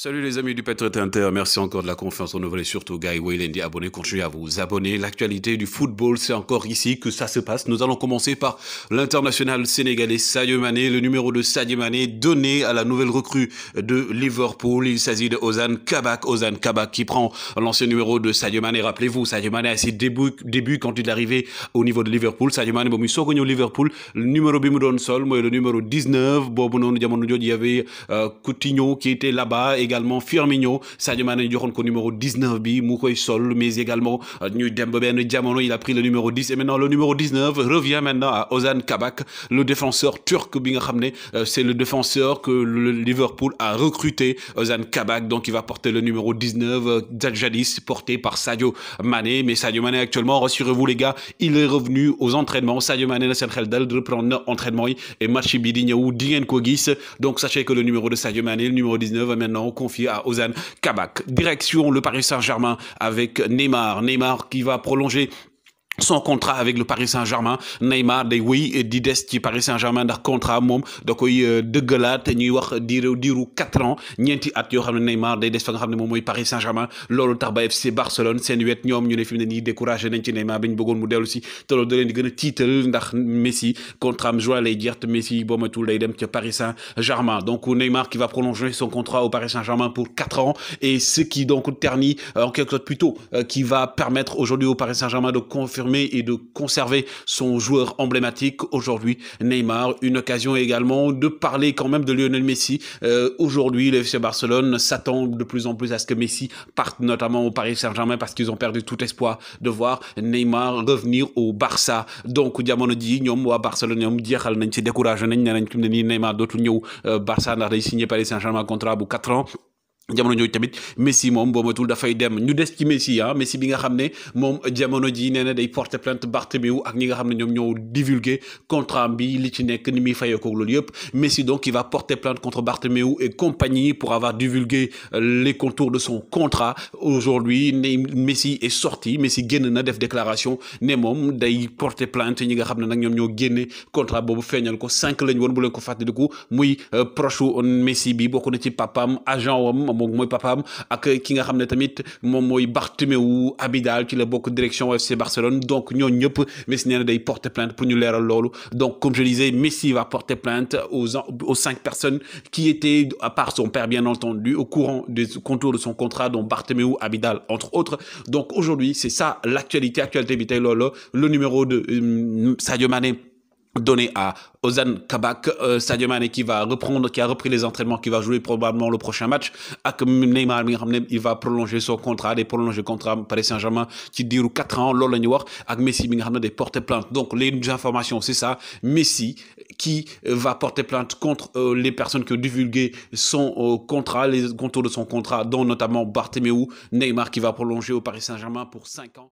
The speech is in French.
Salut les amis du Patriot Tinter, merci encore de la confiance On voulait surtout Guy Waylandi abonner, continuez à vous abonner. L'actualité du football, c'est encore ici que ça se passe. Nous allons commencer par l'international sénégalais Sadio Mané, le numéro de Sadio Mané donné à la nouvelle recrue de Liverpool. Il s'agit de Ozan Kabak, Ozan Kabak qui prend l'ancien numéro de Sadio Mané. Rappelez-vous, Sadio Mané à ses débuts, quand il est arrivé au niveau de Liverpool. Sadio Mané, bon, il Liverpool, le numéro Bimoudon Sol, le numéro 19, bon, il y avait euh, Coutinho qui était là-bas et également Firmino Sadio Mané numéro 19 bi sol mais également euh, ñu Dembélé, Ben il a pris le numéro 10 et maintenant le numéro 19 revient maintenant à Ozan Kabak le défenseur turc bi euh, c'est le défenseur que le Liverpool a recruté Ozan Kabak donc il va porter le numéro 19 euh, jadis porté par Sadio Mané mais Sadio Mané actuellement rassurez-vous les gars il est revenu aux entraînements Sadio Mané na seen xel reprendre entraînement et match bi Dien Kogis donc sachez que le numéro de Sadio Mané le numéro 19 maintenant confié à Ozan Kabak. Direction le Paris Saint-Germain avec Neymar. Neymar qui va prolonger son contrat avec le Paris Saint-Germain Neymar day oui et des ci Paris Saint-Germain ndax contrat mom da koy euh, dëggalaat té ñuy wax diiru diiru quatre ans ñenti at yo xamné Neymar day des fa nga xamné mom Paris Saint-Germain lolu tax ba FC Barcelone seen wet ñom ñu né fi ni décourager nañ ci Neymar biñ ñu bëggoon mu déllu ci té lolu da leen di a ndax Messi contrat am joie lay jeex Messi bon tout day dem Paris Saint-Germain donc Neymar qui va prolonger son contrat au Paris Saint-Germain pour quatre ans et ce qui donc ternit euh, en quelque sorte plutôt euh, qui va permettre aujourd'hui au Paris Saint-Germain de confirmer et de conserver son joueur emblématique aujourd'hui, Neymar. Une occasion également de parler quand même de Lionel Messi. Euh, aujourd'hui, le FC Barcelone s'attend de plus en plus à ce que Messi parte notamment au Paris Saint-Germain parce qu'ils ont perdu tout espoir de voir Neymar revenir au Barça. Donc, diamono di ñom à Barcelone à jeexal nañ ci découragé nañ nañ Neymar dotu ñëw euh, Barça n'a pas signé Paris Saint-Germain contrat bu 4 ans jamono tamit Messi mom bo matul fay dem ñu dess ci Messi ah Messi bi nga xamné mom jamono ji néna day porter plainte Bartomeu ak ñi nga xamné ñom ñoo divulgué contrat bi li ci nekk ni muy fayeekoog lool yépp Messi donc il va porter plainte contre Bartomeu et compagnie pour avoir divulgué euh, les contours de son contrat aujourd'hui Messi est sorti Messi genn na def déclaration né mom day porter plainte ñi nga xamné nak ñom ñoo contrat bobu ko cinq lañ woon bu leen ko fàttaliku muy euh, proche Messi bi bokk na ci papam agent donc donc comme je disais Messi va porter plainte aux aux cinq personnes qui étaient à part son père bien entendu au courant des contours de son contrat dont Bartomeu Abidal entre autres donc aujourd'hui c'est ça l'actualité actualité le numéro de euh, Sadio Mané donné à Ozan Kabak, euh, Sadio qui va reprendre, qui a repris les entraînements, qui va jouer probablement le prochain match. Avec Neymar il va prolonger son contrat, et prolonger le contrat Paris Saint-Germain qui dure 4 ans, lolo new wax Messi porter plainte. Donc les informations c'est ça, Messi qui va porter plainte contre euh, les personnes qui ont divulgué son euh, contrat, les contours de son contrat dont notamment Bartomeu Neymar qui va prolonger au Paris Saint-Germain pour 5 ans.